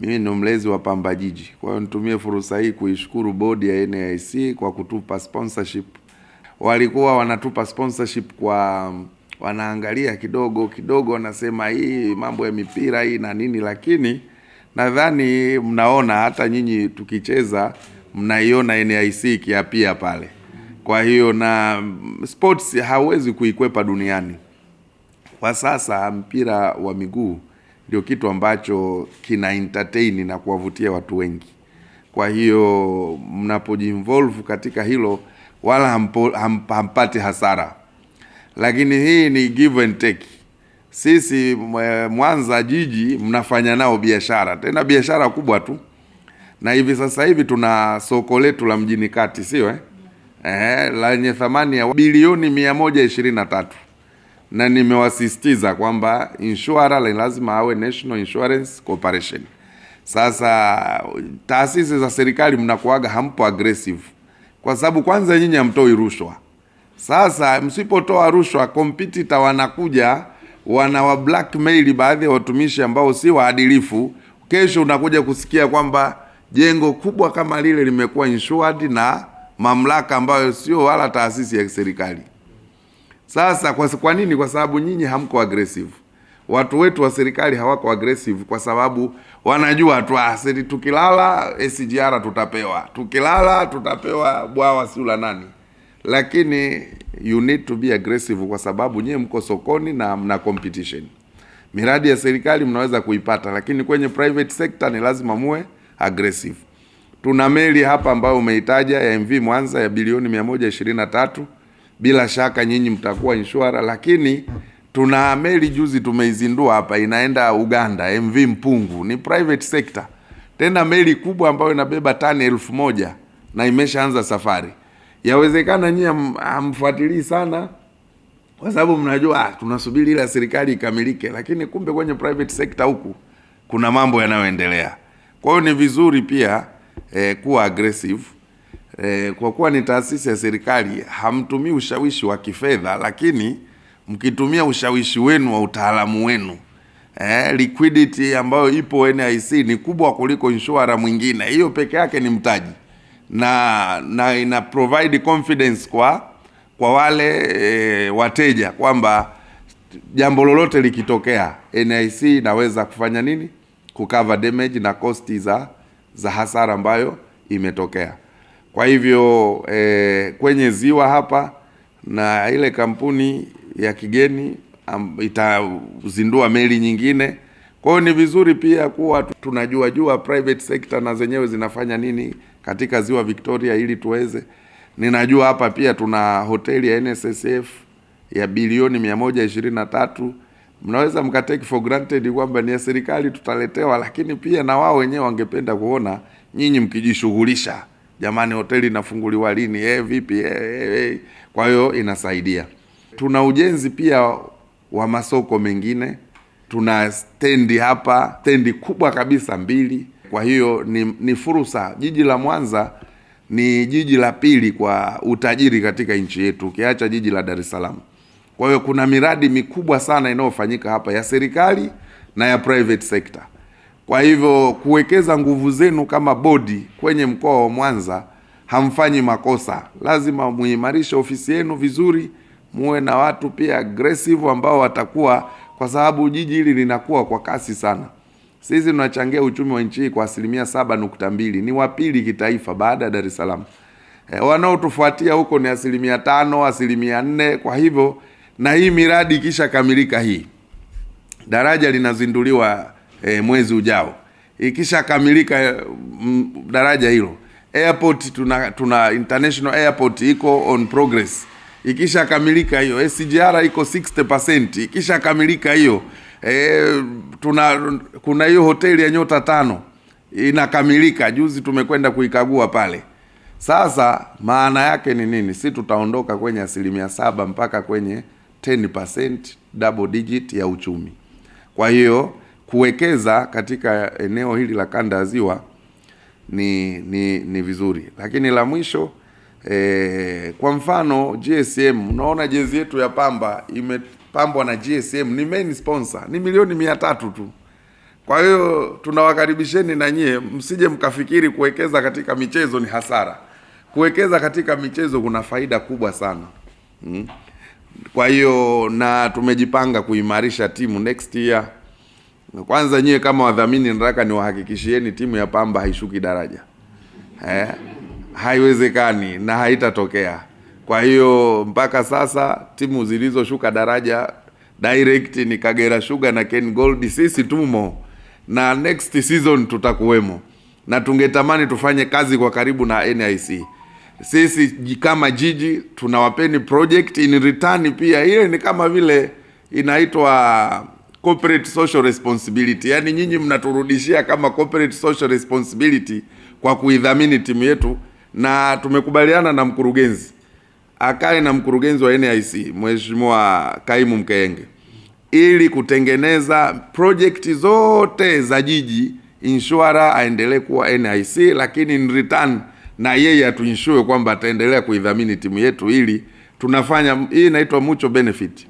Mimi ndo mlezi wa Pamba Jiji, kwa hiyo nitumie fursa hii kuishukuru bodi ya NIC kwa kutupa sponsorship. Walikuwa wanatupa sponsorship kwa wanaangalia kidogo kidogo, wanasema hii mambo ya mipira hii na nini, lakini nadhani mnaona hata nyinyi tukicheza mnaiona NIC ikiapia pale. Kwa hiyo na sports hauwezi kuikwepa duniani kwa sasa, mpira wa miguu ndio kitu ambacho kina entertain na kuwavutia watu wengi. Kwa hiyo mnapojinvolve katika hilo wala hampo, hamp, hampati hasara, lakini hii ni give and take. Sisi Mwanza jiji mnafanya nao biashara, tena biashara kubwa tu, na hivi sasa hivi tuna soko letu la mjini kati, sio eh? Eh, lenye thamani ya bilioni mia moja ishirini na tatu na nimewasisitiza kwamba insurer lazima awe National Insurance Corporation. Sasa taasisi za serikali mnakuaga hampo aggressive, kwa sababu kwanza nyinyi hamtoi rushwa. Sasa msipotoa rushwa, competitor wanakuja wanawa blackmail baadhi ya watumishi ambao si waadilifu. Kesho unakuja kusikia kwamba jengo kubwa kama lile limekuwa insured na mamlaka ambayo sio wala taasisi ya serikali. Sasa kwa, kwa nini? Kwa sababu nyinyi hamko aggressive. Watu wetu wa serikali hawako aggressive kwa sababu wanajua tu asili, ah, tukilala eh, SGR tutapewa, tukilala tutapewa bwawa siu la nani, lakini you need to be aggressive kwa sababu nyie mko sokoni na mna competition. Miradi ya serikali mnaweza kuipata, lakini kwenye private sector ni lazima muwe aggressive. Tuna meli hapa ambayo umeitaja ya MV Mwanza ya bilioni 123 bila shaka nyinyi mtakuwa inshwara, lakini tuna meli juzi tumeizindua hapa, inaenda Uganda, MV Mpungu. Ni private sector, tena meli kubwa ambayo inabeba tani elfu moja na imeshaanza safari. Yawezekana nyinyi hamfuatilii sana kwa sababu mnajua ah, tunasubiri ile serikali ikamilike, lakini kumbe kwenye private sector huku kuna mambo yanayoendelea. Kwa hiyo ni vizuri pia eh, kuwa aggressive eh, kwa kuwa ni taasisi ya serikali hamtumii ushawishi wa kifedha, lakini mkitumia ushawishi wenu wa utaalamu wenu Eh, liquidity ambayo ipo NIC ni kubwa kuliko insuara mwingine. Hiyo peke yake ni mtaji na na ina provide confidence kwa kwa wale e, wateja kwamba jambo lolote likitokea NIC inaweza kufanya nini, kukava damage na costi za za hasara ambayo imetokea. Kwa hivyo e, kwenye ziwa hapa na ile kampuni ya kigeni itazindua meli nyingine. Kwa hiyo ni vizuri pia kuwa tunajua jua private sector na zenyewe zinafanya nini katika ziwa Victoria ili tuweze. Ninajua hapa pia tuna hoteli ya NSSF ya bilioni 123. Mnaweza mkateki for granted kwamba ni ya serikali tutaletewa, lakini pia na wao wenyewe wangependa kuona nyinyi mkijishughulisha jamani, hoteli inafunguliwa lini? Eh, vipi? Eh, eh, eh. Kwa hiyo inasaidia. Tuna ujenzi pia wa masoko mengine, tuna stendi hapa, stendi kubwa kabisa mbili. Kwa hiyo ni, ni fursa. Jiji la Mwanza ni jiji la pili kwa utajiri katika nchi yetu ukiacha jiji la Dar es Salaam. Kwa hiyo kuna miradi mikubwa sana inayofanyika hapa ya serikali na ya private sector. Kwa hivyo kuwekeza nguvu zenu kama bodi kwenye mkoa wa Mwanza hamfanyi makosa. Lazima muimarishe ofisi yenu vizuri, muwe na watu pia aggressive ambao watakuwa, kwa sababu jiji hili linakuwa kwa kasi sana. Sisi tunachangia uchumi wa nchi hii kwa asilimia saba nukta mbili, ni wa pili kitaifa baada ya Dar es Salaam. E, wanaotufuatia huko ni asilimia tano, asilimia nne. Kwa hivyo na hii miradi ikishakamilika, hii daraja linazinduliwa e, mwezi ujao. Ikishakamilika eh, daraja hilo, airport tuna, tuna international airport iko on progress. Ikishakamilika hiyo SGR eh, iko 60%. Ikishakamilika hiyo e, tuna kuna hiyo hoteli ya nyota tano inakamilika, juzi tumekwenda kuikagua pale. Sasa maana yake ni nini? Si tutaondoka kwenye asilimia saba mpaka kwenye 10% double digit ya uchumi. Kwa hiyo kuwekeza katika eneo hili la kanda ya ziwa ni, ni, ni vizuri. Lakini la mwisho e, kwa mfano GSM, unaona jezi yetu ya Pamba imepambwa na GSM, ni main sponsor, ni milioni mia tatu tu. Kwa hiyo tunawakaribisheni na nyie, msije mkafikiri kuwekeza katika michezo ni hasara. Kuwekeza katika michezo kuna faida kubwa sana mm. Kwa hiyo na tumejipanga kuimarisha timu next year kwanza nyie kama wadhamini, nataka niwahakikishieni timu ya Pamba haishuki daraja eh? Haiwezekani na haitatokea. Kwa hiyo mpaka sasa timu zilizoshuka daraja direct ni Kagera Sugar na Ken Gold. Sisi tumo na next season tutakuwemo, na tungetamani tufanye kazi kwa karibu na NIC. Sisi kama jiji tunawapeni project in return, pia ile ni kama vile inaitwa corporate social responsibility, yaani nyinyi mnaturudishia kama corporate social responsibility kwa kuidhamini timu yetu, na tumekubaliana na mkurugenzi akae na mkurugenzi wa NIC Mheshimiwa Kaimu Mkeenge ili kutengeneza project zote za jiji inshura aendelee kuwa NIC, lakini in return na yeye atuinshue kwamba ataendelea kuidhamini timu yetu, ili tunafanya hii inaitwa mutual benefit.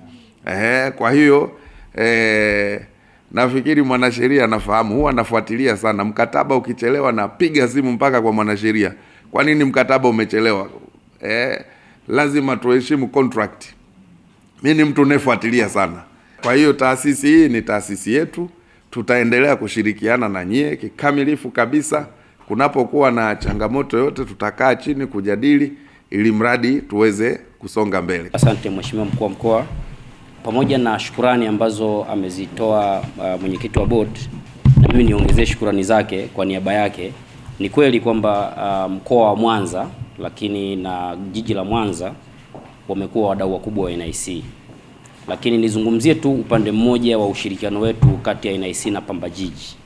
Ehe, kwa hiyo eh, nafikiri mwanasheria anafahamu, huwa anafuatilia sana mkataba. Ukichelewa napiga simu mpaka kwa mwanasheria, kwa nini mkataba umechelewa? Eh, lazima tuheshimu contract. Mi ni mtu nayefuatilia sana, kwa hiyo taasisi hii ni taasisi yetu, tutaendelea kushirikiana na nyie kikamilifu kabisa. Kunapokuwa na changamoto yote, tutakaa chini kujadili, ili mradi tuweze kusonga mbele. Asante Mheshimiwa Mkuu wa Mkoa pamoja na shukurani ambazo amezitoa uh, mwenyekiti wa board, na mimi niongezee shukurani zake kwa niaba yake. Ni kweli kwamba uh, mkoa wa Mwanza lakini na jiji la Mwanza wamekuwa wadau wakubwa wa NIC, lakini nizungumzie tu upande mmoja wa ushirikiano wetu kati ya NIC na Pamba Jiji.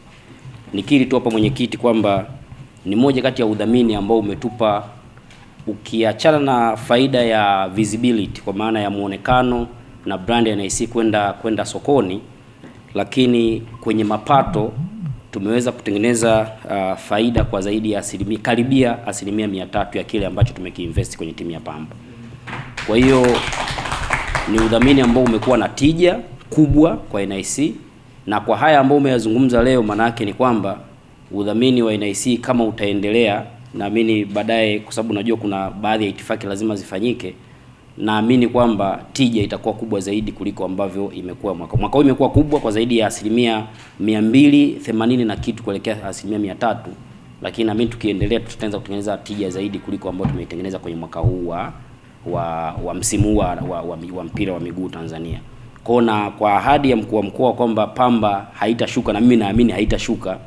Nikiri tu hapa mwenyekiti kwamba ni moja kati ya udhamini ambao umetupa, ukiachana na faida ya visibility kwa maana ya muonekano na brand ya NIC kwenda kwenda sokoni, lakini kwenye mapato tumeweza kutengeneza uh, faida kwa zaidi ya asilimia karibia asilimia mia tatu ya kile ambacho tumekiinvest kwenye timu ya Pamba. Kwa hiyo ni udhamini ambao umekuwa na tija kubwa kwa NIC na kwa haya ambayo umeyazungumza leo, maana yake ni kwamba udhamini wa NIC kama utaendelea, naamini baadaye, kwa sababu najua kuna baadhi ya itifaki lazima zifanyike naamini kwamba tija itakuwa kubwa zaidi kuliko ambavyo imekuwa mwaka mwaka huu. Imekuwa kubwa kwa zaidi ya asilimia mia mbili themanini na kitu kuelekea asilimia mia tatu, lakini naamini tukiendelea tutaanza kutengeneza tija zaidi kuliko ambayo tumeitengeneza kwenye mwaka huu wa, wa, wa msimu wa, wa, wa, wa mpira wa miguu Tanzania. Kona kwa ahadi ya mkuu wa mkoa kwamba Pamba haitashuka na mimi naamini haitashuka.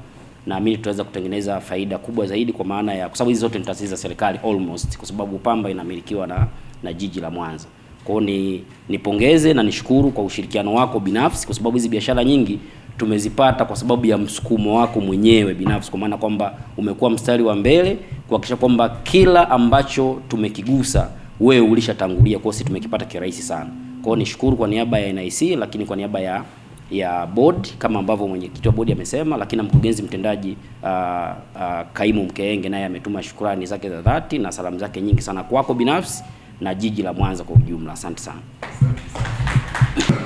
Naamini tutaweza kutengeneza faida kubwa zaidi kwa maana ya kwa sababu hizi zote ni taasisi za serikali almost, kwa sababu Pamba inamilikiwa na na jiji la Mwanza. Kwa hiyo ni nipongeze na nishukuru kwa ushirikiano wako binafsi, kwa sababu hizi biashara nyingi tumezipata kwa sababu ya msukumo wako mwenyewe binafsi, kwa maana kwamba umekuwa mstari wa mbele kuhakikisha kwamba kila ambacho tumekigusa wewe ulishatangulia, kwa tumekipata kirahisi sana. Kwa hiyo nishukuru kwa niaba ya NIC, lakini kwa niaba ya ya board kama ambavyo mwenyekiti wa board amesema, lakini na mkurugenzi mtendaji uh, uh, Kaimu Mkeenge naye ametuma shukrani zake za dhati na salamu zake nyingi sana kwako binafsi na jiji la Mwanza kwa ujumla. Asante sana.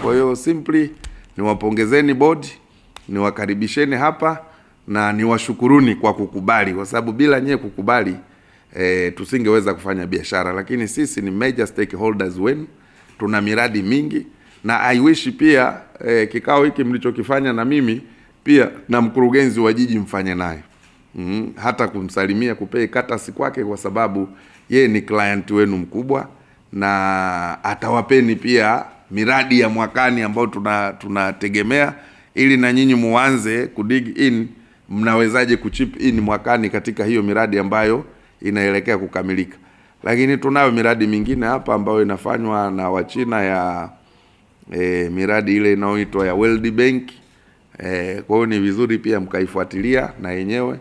Kwa hiyo simply niwapongezeni bodi, niwakaribisheni hapa na niwashukuruni kwa kukubali, kwa sababu bila nyewe kukubali e, tusingeweza kufanya biashara, lakini sisi ni major stakeholders wenu, tuna miradi mingi na I wish pia e, kikao hiki mlichokifanya na mimi pia na mkurugenzi wa jiji mfanye nayo mm, hata kumsalimia kupei katasi kwake, kwa sababu yeye ni client wenu mkubwa, na atawapeni pia miradi ya mwakani ambayo tunategemea tuna ili na nyinyi muanze kudig in mnawezaje kuchip in mwakani katika hiyo miradi ambayo inaelekea kukamilika. Lakini tunayo miradi mingine hapa ambayo inafanywa na Wachina ya e, miradi ile inayoitwa ya World Bank. E, kwa hiyo ni vizuri pia mkaifuatilia na yenyewe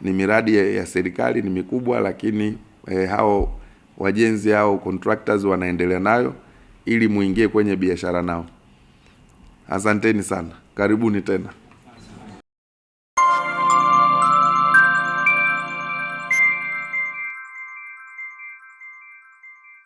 ni miradi ya, ya serikali ni mikubwa, lakini eh, hao wajenzi hao contractors wanaendelea nayo ili muingie kwenye biashara nao. Asanteni sana, karibuni tena.